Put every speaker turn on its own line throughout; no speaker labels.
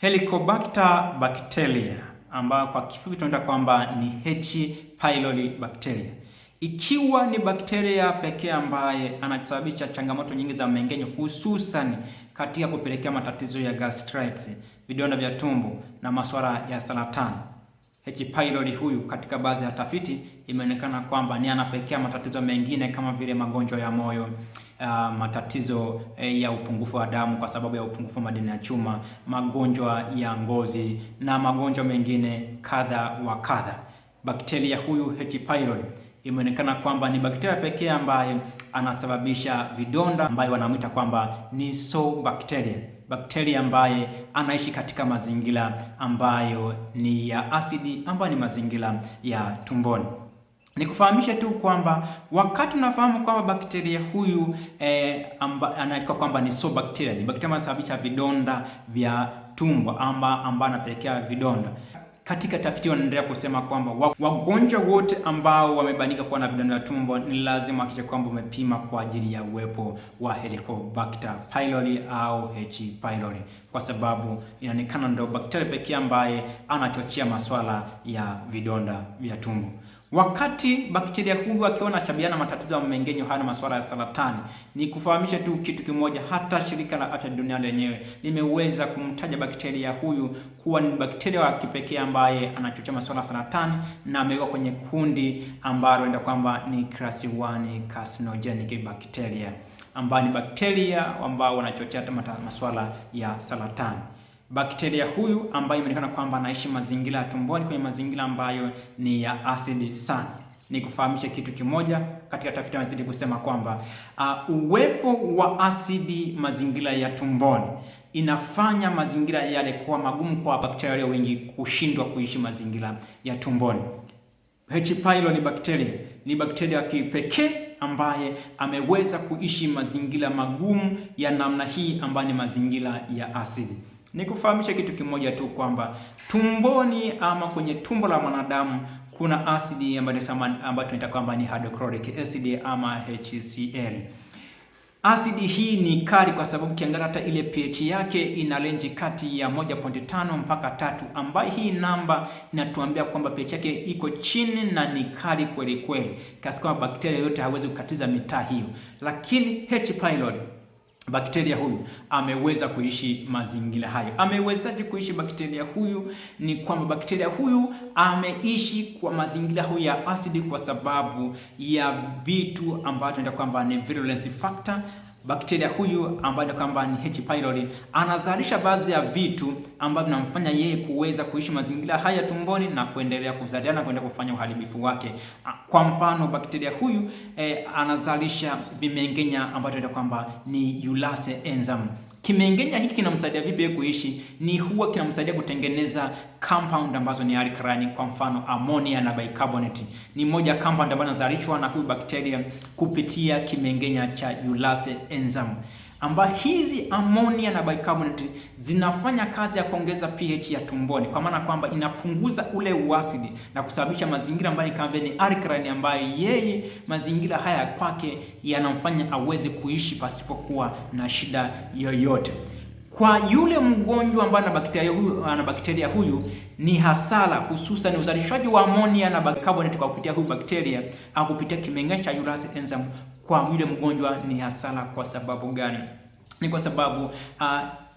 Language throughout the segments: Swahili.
Helicobacter bacteria ambayo kwa kifupi tunaenda kwamba ni H pylori bacteria, ikiwa ni bakteria pekee ambaye anasababisha changamoto nyingi za mmeng'enyo, hususan katika kupelekea matatizo ya gastritis, vidonda vya tumbo na masuala ya saratani. H pylori huyu katika baadhi ya tafiti imeonekana kwamba ni anapekea matatizo mengine kama vile magonjwa ya moyo uh, matatizo eh, ya upungufu wa damu kwa sababu ya upungufu wa madini ya chuma, magonjwa ya ngozi na magonjwa mengine kadha wa kadha. Bakteria huyu H. pylori imeonekana kwamba ni bakteria pekee ambaye anasababisha vidonda ambayo wanamwita kwamba ni so bakteria bakteria ambaye anaishi katika mazingira ambayo ni ya asidi ambayo ni mazingira ya tumboni. Nikufahamishe tu kwamba wakati unafahamu kwamba bakteria huyu eh, anaitwa kwamba ni so bacteria, ni bakteria anasababisha vidonda vya tumbo amba ambao anapelekea vidonda. Katika tafiti wanaendelea kusema kwamba wagonjwa wote ambao wamebanika kuwa na vidonda vya tumbo ni lazima hakikisha kwamba umepima kwa ajili ya uwepo wa Helicobacter pylori au H pylori, kwa sababu inaonekana ndio bakteria pekee ambaye anachochea masuala ya vidonda vya tumbo. Wakati bakteria huyu akiwa anashabiana matatizo ya mmeng'enyo haya na masuala ya saratani, ni kufahamisha tu kitu kimoja, hata shirika la afya duniani lenyewe limeweza kumtaja bakteria huyu kuwa ni bakteria wa kipekee ambaye anachochea masuala ya saratani na amewekwa kwenye kundi ambalo enda kwamba ni class 1 carcinogenic bacteria, ambayo ni bakteria ambao wanachochea masuala ya saratani bakteria huyu ambaye imeonekana kwamba anaishi mazingira ya tumboni, kwenye mazingira ambayo ni ya asidi sana. Ni kufahamisha kitu kimoja, katika tafiti wanazidi kusema kwamba uh, uwepo wa asidi mazingira ya tumboni inafanya mazingira yale kuwa magumu kwa bakteria walio wengi kushindwa kuishi mazingira ya tumboni. H. pylori ni bakteria ni bakteria wa kipekee ambaye ameweza kuishi mazingira magumu ya namna hii ambayo ni mazingira ya asidi nikufahamishe kitu kimoja tu kwamba tumboni ama kwenye tumbo la mwanadamu kuna asidi ambayo tunaita kwamba ni hydrochloric acid ama HCl. Asidi hii ni kali kwa sababu kiangalia hata ile pH yake ina range kati ya 1.5 mpaka tatu, ambayo hii namba inatuambia kwamba pH yake iko chini na ni kali kweli kweli, kiasi kwamba bakteria yote hawezi kukatiza mitaa hiyo, lakini H. pylori bakteria huyu ameweza kuishi mazingira hayo. Amewezaje kuishi bakteria huyu? Ni kwamba bakteria huyu ameishi kwa mazingira huyu ya asidi, kwa sababu ya vitu ambavyo tunaita kwamba ni virulence factor bakteria huyu ambaye ni kwamba ni H pylori anazalisha baadhi ya vitu ambavyo vinamfanya yeye kuweza kuishi mazingira haya tumboni na kuendelea kuzaliana kwenda kufanya uharibifu wake. Kwa mfano bakteria huyu eh, anazalisha vimengenya ambavyo kwamba ni urease enzyme. Kimengenya hiki kinamsaidia vipi yeye kuishi? Ni huwa kinamsaidia kutengeneza compound ambazo ni alkaline, kwa mfano ammonia na bicarbonate. Ni moja compound ambayo inazalishwa na huyu bakteria kupitia kimengenya cha ulase enzyme ambayo hizi ammonia na bicarbonate zinafanya kazi ya kuongeza pH ya tumboni, kwa maana kwamba inapunguza ule uasidi na kusababisha mazingira ambayo ni kama vile ni alkaline, ambayo yeye mazingira haya kwake yanamfanya aweze kuishi pasipokuwa na shida yoyote. Kwa yule mgonjwa ambaye ana bakteria huyu, ana bakteria huyu ni hasara, hususan uzalishaji wa ammonia na bicarbonate kwa kupitia huyu bakteria au kupitia kimengesha uracil enzyme kwa yule mgonjwa ni hasara. Kwa sababu gani? Ni kwa sababu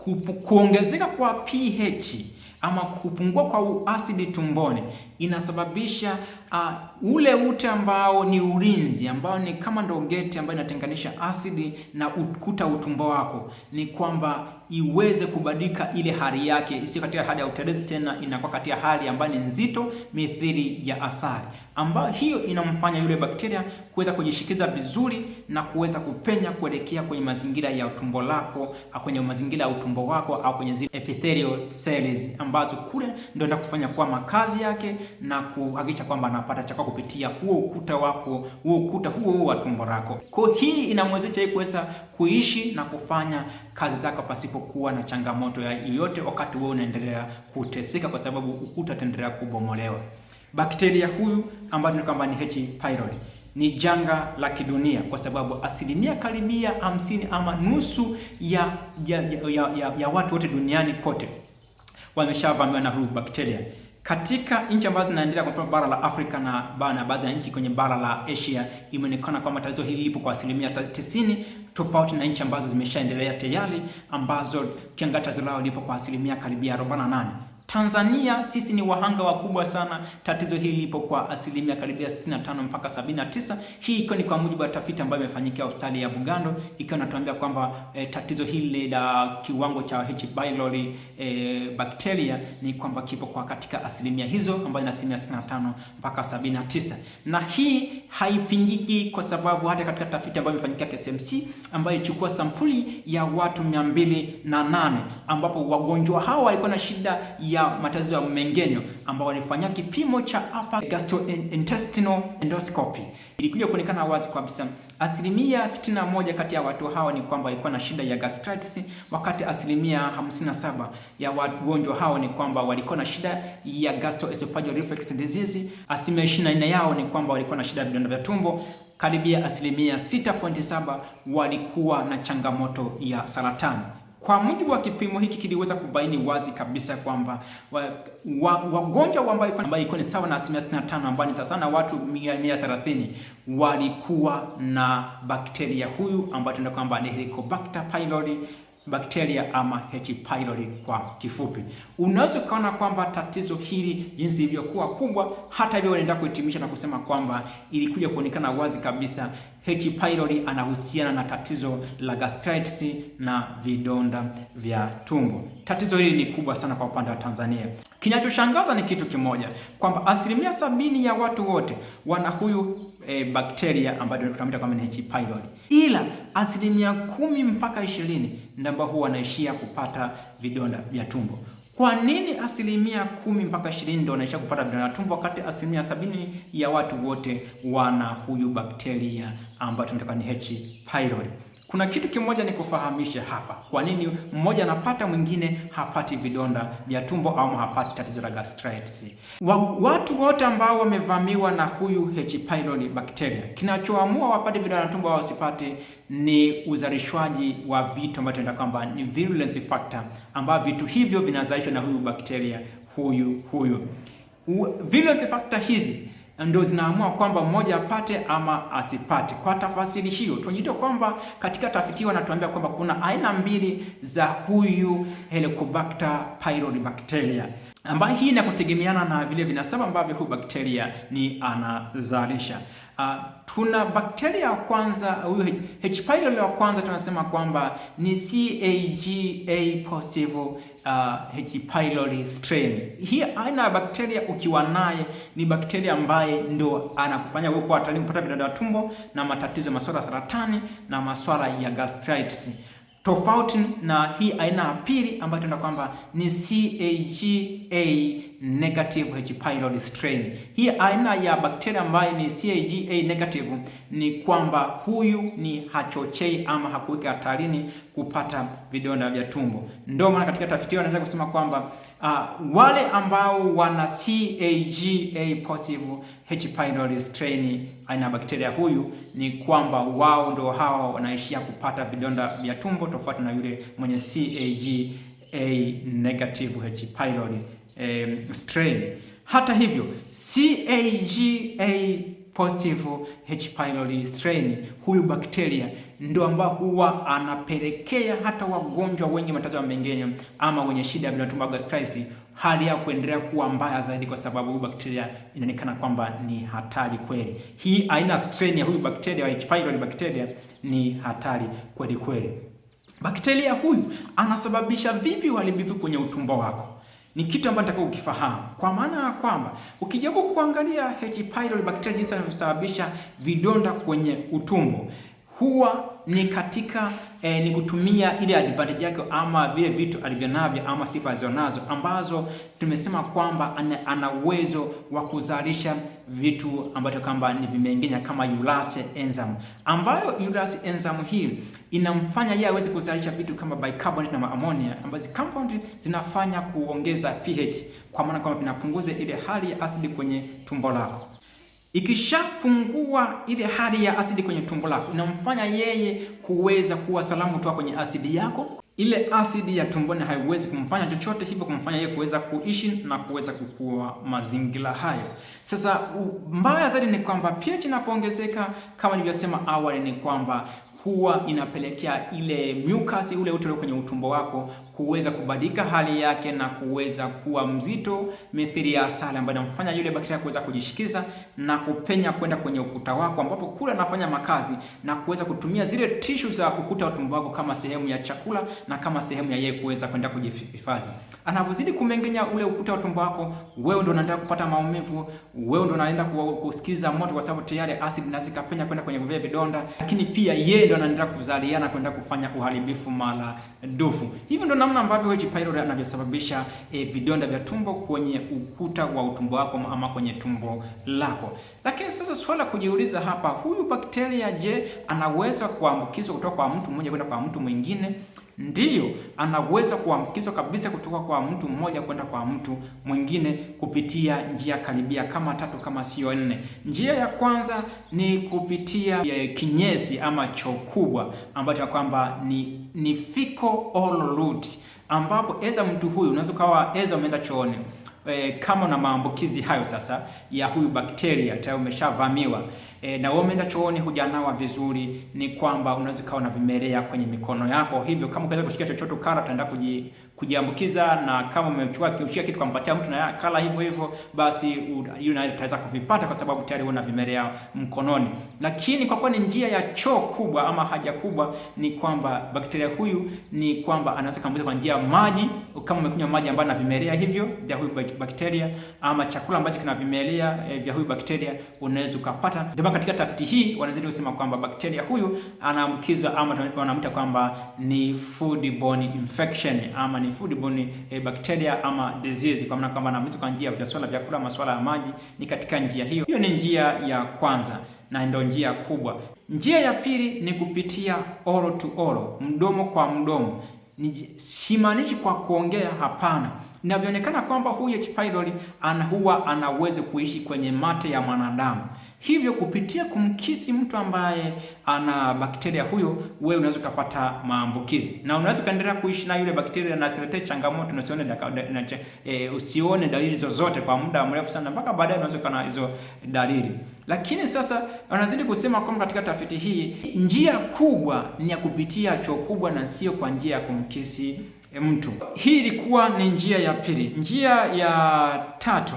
uh, kuongezeka kwa pH ama kupungua kwa asidi tumboni inasababisha uh, ule ute ambao ni ulinzi ambao ni kama ndo geti ambayo inatenganisha asidi na ukuta utumbo wako, ni kwamba iweze kubadilika ile hali yake, isiyo katika hali ya utelezi tena, inakuwa katika hali ambayo ni nzito mithili ya asali ambayo hiyo inamfanya yule bakteria kuweza kujishikiza vizuri na kuweza kupenya kuelekea kwenye mazingira ya utumbo lako, kwenye mazingira ya utumbo wako au kwenye zile epithelial cells ambazo kule ndio ndio kufanya kwa makazi yake na kuhakikisha kwamba anapata chakula kupitia huo ukuta wako, huo ukuta huo huo wa tumbo lako. Kwa hii inamwezesha yeye kuweza kuishi na kufanya kazi zako pasipokuwa na changamoto ya yoyote, wakati wewe unaendelea kuteseka, kwa sababu ukuta utaendelea kubomolewa bakteria huyu ambayo ni kwamba ni H. pylori ni janga la kidunia kwa sababu asilimia karibia hamsini ama nusu ya, ya, ya, ya, ya watu wote duniani kote wameshavamiwa na huyu bakteria. Katika nchi ambazo zinaendelea, kwa mfano bara la Afrika na baadhi ya nchi kwenye bara la Asia, imeonekana kwamba tatizo hili lipo kwa asilimia tisini tofauti na nchi ambazo zimeshaendelea tayari ambazo kianga tatizo lao lipo kwa asilimia karibia 48. Tanzania sisi ni wahanga wakubwa sana. Tatizo hili lipo kwa asilimia karibia 65 mpaka 79. Hii ikiwa ni kwa mujibu wa tafiti ambayo imefanyika hospitali ya Bugando, ikiwa natuambia kwamba e, tatizo hili la kiwango cha H. pylori e, bacteria ni kwamba kipo kwa katika asilimia hizo ambayo ni asilimia 65 mpaka 79, na hii haipingiki kwa sababu hata katika tafiti ambayo imefanyika KSMC ambayo ilichukua sampuli ya watu 208 ambapo wagonjwa hawa walikuwa na shida ya ya matatizo ya mmeng'enyo ambao walifanyia kipimo cha upper gastrointestinal endoscopy. Ilikuja kuonekana wazi kabisa, asilimia 61 kati ya watu hawa ni kwamba walikuwa na shida ya gastritis, wakati asilimia 57 ya wagonjwa hawa ni kwamba walikuwa na shida ya gastroesophageal reflux disease. Asilimia 24 yao ni kwamba walikuwa na shida ya vidonda vya tumbo karibia asilimia 6.7 walikuwa na changamoto ya saratani. Kwa mujibu wa kipimo hiki kiliweza kubaini wazi kabisa kwamba wagonjwa wa, wa ambao iko ni sawa na asilimia 65 ambao ni sawa na watu 130 walikuwa na bakteria huyu ambayo tunaona kwamba ni Helicobacter pylori bakteria ama H pylori kwa kifupi. Unaweza ukaona kwamba tatizo hili jinsi ilivyokuwa kubwa, hata hivyo wanaenda kuhitimisha na kusema kwamba ilikuja kuonekana wazi kabisa H. pylori anahusiana na tatizo la gastritis na vidonda vya tumbo. Tatizo hili ni kubwa sana kwa upande wa Tanzania. Kinachoshangaza ni kitu kimoja kwamba asilimia sabini ya watu wote wana huyu e, bakteria ambayo tunamwita kama H. pylori, ila asilimia kumi mpaka ishirini ndio ambao huwa wanaishia kupata vidonda vya tumbo. Kwa nini asilimia kumi mpaka ishirini ndio wanaishia kupata vidonda vya tumbo wakati asilimia sabini ya watu wote wana huyu bakteria ambayo tunataka ni H. pylori? Kuna kitu kimoja nikufahamishe hapa, kwa nini mmoja anapata mwingine hapati vidonda vya tumbo au hapati tatizo la gastritis. Watu wote ambao wamevamiwa na huyu H. pylori bacteria, kinachoamua wapate vidonda vya tumbo au wasipate ni uzalishwaji wa vitu ambavyo tunaita kwamba ni virulence factor, ambavyo vitu hivyo vinazalishwa na huyu bakteria huyu huyu. Virulence factor hizi ndio zinaamua kwamba mmoja apate ama asipate. Kwa tafasiri hiyo, tunajua kwamba katika tafiti hiyo wanatuambia kwamba kuna aina mbili za huyu Helicobacter pylori bacteria ambayo hii inakutegemeana na vile vinasaba ambavyo huyu bakteria ni anazalisha. Uh, tuna bakteria wa kwanza huyu H. pylori wa kwanza tunasema kwamba ni CAGA positive uh, H. pylori strain. Hii aina ya bakteria ukiwa naye ni bakteria ambaye ndo anakufanya wewe kuwa hatarini kupata vidonda vya tumbo na matatizo ya masuala ya saratani na masuala ya gastritis tofauti na hii aina ya pili ambayo tunaona kwamba ni CAGA negative H pylori strain. Hii aina ya bakteria ambayo ni CAGA negative ni kwamba huyu ni hachochei ama hakuweka hatarini kupata vidonda vya tumbo. Ndio maana katika tafiti hiyo wanaweza kusema kwamba uh, wale ambao wana CAGA positive H. pylori strain aina ya bakteria huyu ni kwamba wao ndio hawa wanaishia kupata vidonda vya tumbo tofauti na yule mwenye CAG A negative H. pylori eh, strain. Hata hivyo CAG A positive H. pylori strain, huyu bakteria ndio ambao huwa anapelekea hata wagonjwa wenye matatizo ya mmeng'enyo ama wenye shida ya vidonda tumbo gastritis hali ya kuendelea kuwa mbaya zaidi, kwa sababu huyu bakteria inaonekana kwamba ni hatari kweli. Hii aina strain ya huyu bakteria wa H. pylori bakteria ni hatari kweli kweli. Bakteria huyu anasababisha vipi uharibifu kwenye utumbo wako? Ni kitu ambacho nataka ukifahamu, kwa maana ya kwamba ukijaribu kuangalia H. pylori bakteria jinsi anavyosababisha vidonda kwenye utumbo huwa ni katika eh, ni kutumia ile advantage yake ama vile vitu alivyonavyo ama sifa zionazo ambazo tumesema kwamba ana uwezo wa kuzalisha vitu ambavyo kwamba ni vimengenya kama urease enzyme, ambayo urease enzyme hii inamfanya yeye aweze kuzalisha vitu kama bicarbonate na ammonia, ambazo compound zinafanya kuongeza pH, kwa maana kwamba vinapunguza ile hali ya asidi kwenye tumbo lako. Ikishapungua ile hali ya asidi kwenye tumbo lako, inamfanya yeye kuweza kuwa salamu toa kwenye asidi yako. Ile asidi ya tumboni haiwezi kumfanya chochote, hivyo kumfanya yeye kuweza kuishi na kuweza kukua mazingira hayo. Sasa mbaya zaidi ni kwamba pH inapoongezeka, kama nilivyosema awali, ni kwamba huwa inapelekea ile mucus ule ute kwenye utumbo wako kuweza kubadilika hali yake na kuweza kuwa mzito mithili ya asali, ambayo inamfanya yule bakteria kuweza kujishikiza na kupenya kwenda kwenye ukuta wako, ambapo kule anafanya makazi na kuweza kutumia zile tishu za ukuta wa tumbo wako kama sehemu ya chakula na kama sehemu ya yeye kuweza kwenda kujihifadhi. Anavyozidi kumengenya ule ukuta wa tumbo wako, wewe ndio unaenda kupata maumivu, wewe ndio unaenda kusikiza moto, kwa sababu tayari asidi na zikapenya kwenda kwenye vile vidonda, lakini pia yeye ndio anaenda kuzaliana kwenda kufanya uharibifu mara dufu. Hivi ndio namna ambavyo H. pylori anavyosababisha e, vidonda vya tumbo kwenye ukuta wa utumbo wako ama kwenye tumbo lako. Lakini sasa swala kujiuliza hapa, huyu bakteria je, anaweza kuambukizwa kutoka kwa mtu mmoja kwenda kwa mtu mwingine? Ndiyo, anaweza kuambukizwa kabisa kutoka kwa mtu mmoja kwenda kwa mtu mwingine kupitia njia karibia kama tatu kama sio nne. Njia ya kwanza ni kupitia eh, kinyesi ama choo kubwa ambacho kwamba ni ni fiko oral ambapo eza mtu huyu unaweza ukawa eza umeenda chooni E, kama na maambukizi hayo sasa ya huyu bakteria tayari umeshavamiwa e, na wewe umeenda chooni hujanawa vizuri, ni kwamba unaweza ukawa na vimelea kwenye mikono yako. Hivyo kama unaweza kushika chochote, kara, utaenda kuji kujiambukiza, na kama umechukua kiushia kitu kumpatia mtu na kala hivyo hivyo, basi yule ataweza kuvipata kwa sababu tayari una vimelea mkononi. Lakini kwa kuwa ni njia ya choo kubwa ama haja kubwa, ni kwamba bakteria huyu ni kwamba anaweza kuambukiza kwa njia ya maji. Kama umekunywa maji ambayo na vimelea hivyo vya huyu bakteria ama chakula ambacho kina vimelea e, vya huyu bakteria unaweza ukapata. Ndio katika tafiti hii wanazidi kusema kwamba bakteria huyu anaambukizwa ama wanamta kwamba ni foodborne infection ama ni ni foodborne eh, bacteria ama disease, kwa maana kwamba na kwa njia ya vyakula vyakula, masuala ya maji ni katika njia hiyo. Hiyo ni njia ya kwanza na ndio njia kubwa. Njia ya pili ni kupitia oral to oral, mdomo kwa mdomo. Simaanishi kwa kuongea, hapana. Inavyoonekana kwamba huyu H. pylori anahuwa anaweza kuishi kwenye mate ya mwanadamu. Hivyo kupitia kumkisi mtu ambaye ana bakteria huyo, wewe unaweza ukapata maambukizi na unaweza ukaendelea kuishi na yule bakteria na asiletee changamoto na usione, e, usione dalili zozote kwa muda mrefu sana, mpaka baadaye unaweza ukawa na hizo dalili. Lakini sasa wanazidi kusema kwamba katika tafiti hii njia kubwa ni ya kupitia choo kubwa na sio kwa njia ya kumkisi mtu. Hii ilikuwa ni njia ya pili. Njia ya tatu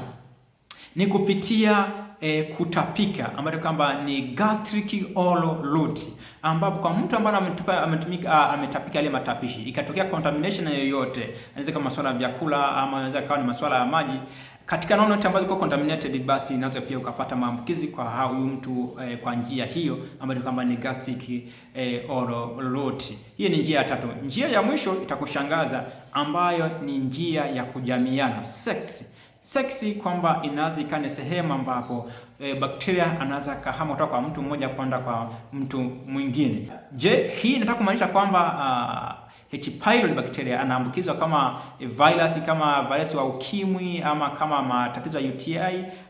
ni kupitia e, kutapika ambayo kwamba ni gastric oral route, ambapo kwa mtu ambaye ametupa ametumika ah, ametapika ile matapishi, ikatokea contamination yoyote, anaweza kama masuala ya vyakula ama anaweza kawa ni masuala ya maji katika nono yote ambazo kwa contaminated basi inaweza pia ukapata maambukizi kwa huyu mtu eh, kwa njia hiyo ambayo kama ni gastric eh, oral route. Hii ni njia ya tatu. Njia ya mwisho itakushangaza, ambayo ni njia ya kujamiana sex seksi kwamba inaweza ikawa ni sehemu ambapo e, bakteria anaweza kahama kutoka kwa mtu mmoja kwenda kwa mtu mwingine. Je, hii inataka kumaanisha kwamba uh, H. pylori bakteria anaambukizwa kama virus kama virus wa ukimwi ama kama matatizo ya UTI?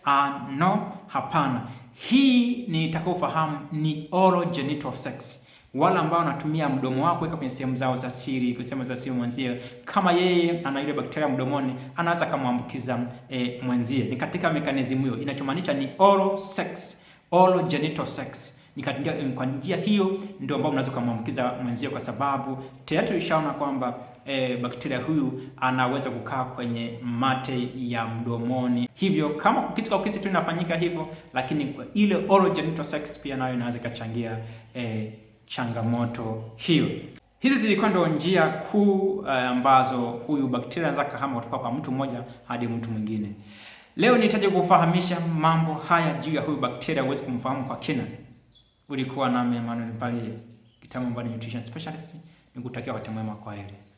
Uh, no, hapana. Hii ni nitakaofahamu ni oral genital sex wale ambao wanatumia mdomo wao kuweka kwenye sehemu zao za siri, kwenye sehemu za siri mwenzie, kama yeye ana ile bakteria mdomoni, anaweza kumwambukiza e, eh, mwenzie. Ni katika mekanizimu hiyo, inachomaanisha ni oral sex, oral genital sex Ni katika eh, kwa njia hiyo ndio ambao mnaweza kumwambukiza mwenzio, kwa sababu tayari tulishaona kwamba e, bakteria huyu anaweza kukaa kwenye mate ya mdomoni. Hivyo kama ukisi kwa ukisi tu inafanyika hivyo, lakini ile oral genital sex pia nayo inaweza kachangia e, changamoto hiyo. Hizi zilikuwa ndo njia kuu eh, ambazo uh, huyu bakteria anaweza kahama kutoka kwa mtu mmoja hadi mtu mwingine. Leo nitaje kufahamisha mambo haya juu ya huyu bakteria uweze kumfahamu kwa kina. Ulikuwa nami Emmanuel Mpalie, kitaalamu wa nutrition specialist. Nikutakia wakati mwema, heri.